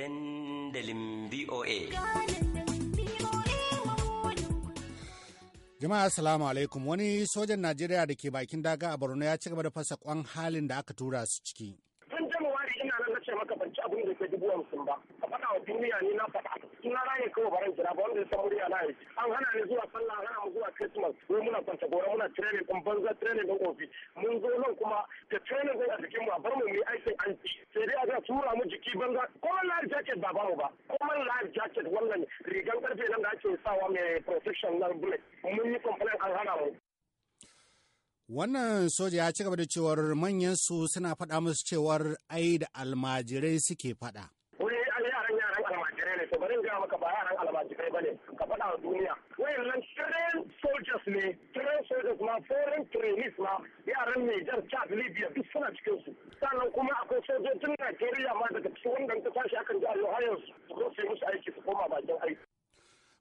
dandalin VOA. Jama'a Assalamu alaikum wani sojan Najeriya da ke bakin daga a Borno ya ci gaba da fasa kwan halin da aka tura su ciki. Tun wani ina nan na ce maka ban ci abin da ke dubu hamsin ba. Ka faɗa wa duniya ne na training ban ga training din ofi mun zo nan kuma ta training din a jikin mu a bar mu mu aikin an sai dai a tura mu jiki banza kuma life jacket ba ba mu ba kuma life jacket wannan rigan karfe nan da ake sawa mai protection na bullet mun yi complain an hana mu Wannan soja ya ci gaba da cewar manyan su suna faɗa musu cewar ai da almajirai suke faɗa. yaran yaran almajirai ne to bari in gaya maka ba yaran almajirai bane ka faɗa wa duniya nan shirin Force ne, Train Soldiers ma, Foreign Trainees ma, yaran Nijar, Chad, Libya duk suna cikin su. Sannan kuma akwai sojojin Najeriya ma daga cikin wanda ta tashi akan jihar Ohio su zo su yi musu aiki su koma bakin aiki.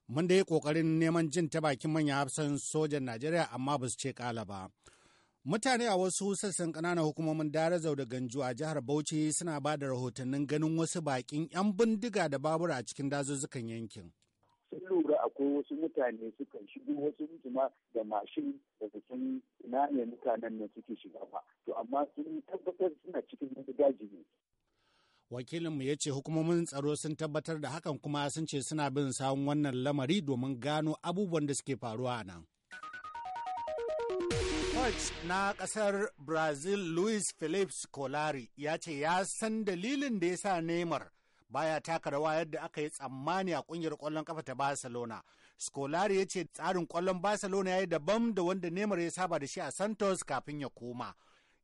Mun da yi kokarin neman jin ta bakin manyan hafsan sojan Najeriya amma ba su ce kala ba. Mutane a wasu sassan ƙananan hukumomin Darazau da Ganju a jihar Bauchi suna ba da rahotannin ganin wasu baƙin 'yan bindiga da babura a cikin dazuzzukan yankin. Ko wasu mutane sukan shigo wasu mutuma da mashin da bikin ina ne mutanen nan suke shiga ba to amma sun tabbatar suna cikin wani daji ne wakilinmu ya ce hukumomin tsaro sun tabbatar da hakan kuma sun ce suna bin sawun wannan lamari domin gano abubuwan da suke faruwa a nan coach na kasar brazil luis Felipe Scolari ya ce ya san dalilin da ya sa neymar baya taka rawa yadda aka yi tsammani a kungiyar kwallon kafa ta Barcelona. Scolari ya ce tsarin kwallon Barcelona ya yi daban da wanda Neymar ya saba da shi a Santos kafin ya koma.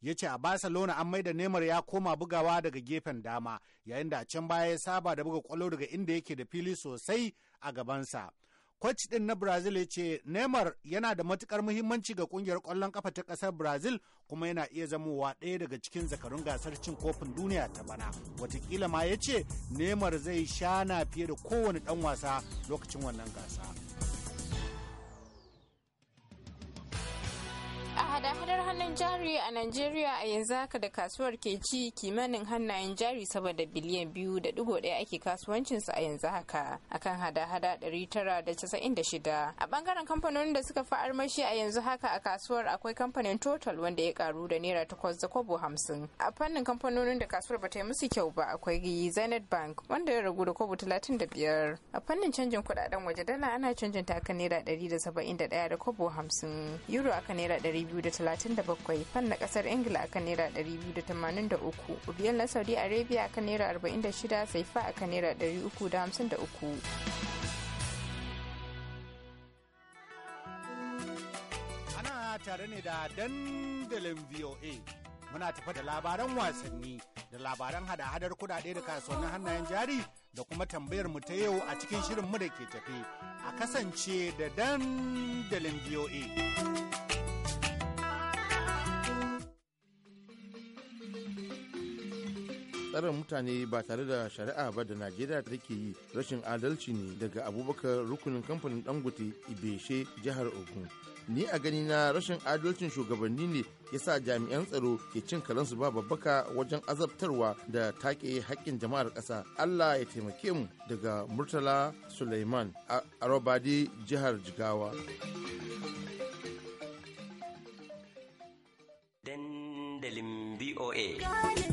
Ya ce a Barcelona an maida Neymar ya koma bugawa daga gefen dama, yayin da a can baya ya saba da buga kwallo daga inda yake da fili sosai a gabansa. Kwaci ɗin na Brazil ya ce Neymar yana da matukar muhimmanci ga kungiyar ƙwallon ƙafa ta ƙasar Brazil kuma yana iya zamowa ɗaya daga cikin zakarun gasar cin kofin duniya ta bana. Watakila ma ya ce Neymar zai shana fiye da kowane ɗan wasa lokacin wannan gasa. da hadar hannun jari a Najeriya a yanzu haka da kasuwar ke ci kimanin hannayen jari saboda biliyan biyu da dugo daya ake kasuwancinsu a yanzu haka akan hada-hada ɗari tara da casa'in da shida. A bangaren kamfanonin da suka fi armashi a yanzu haka a kasuwar akwai kamfanin Total wanda ya karu da naira takwas da kobo hamsin. A fannin kamfanonin da kasuwar ba ta yi musu kyau ba akwai Zenith Bank wanda ya ragu da kobo talatin da biyar. A fannin canjin kuɗaɗen waje dala ana canjin ta naira ɗari da saba'in da ɗaya da kobo hamsin. Euro aka naira ɗari biyu da 37 fan na kasar ingila akan naira 283 ubiyar na saudi arabia akan naira 46 saifa akan naira 353 tare ne da dandalin VOA. Muna tafa da labaran wasanni da labaran hada-hadar kudade da kasuwannin hannayen jari da kuma tambayar mu ta yau a cikin shirin mu da ke tafe. A kasance da dandalin VOA. tsare mutane ba tare da shari'a ba da najeriya take yi rashin adalci ne daga abubakar rukunin kamfanin dangote ibeshe jihar ogun ni a gani na rashin adalcin shugabanni ne ya sa jami'an tsaro ke cin karansu ba babbaka wajen azabtarwa da take haƙƙin jama'ar ƙasa allah ya taimake mu daga murtala suleiman a arobadi jihar jigawa dandalin voa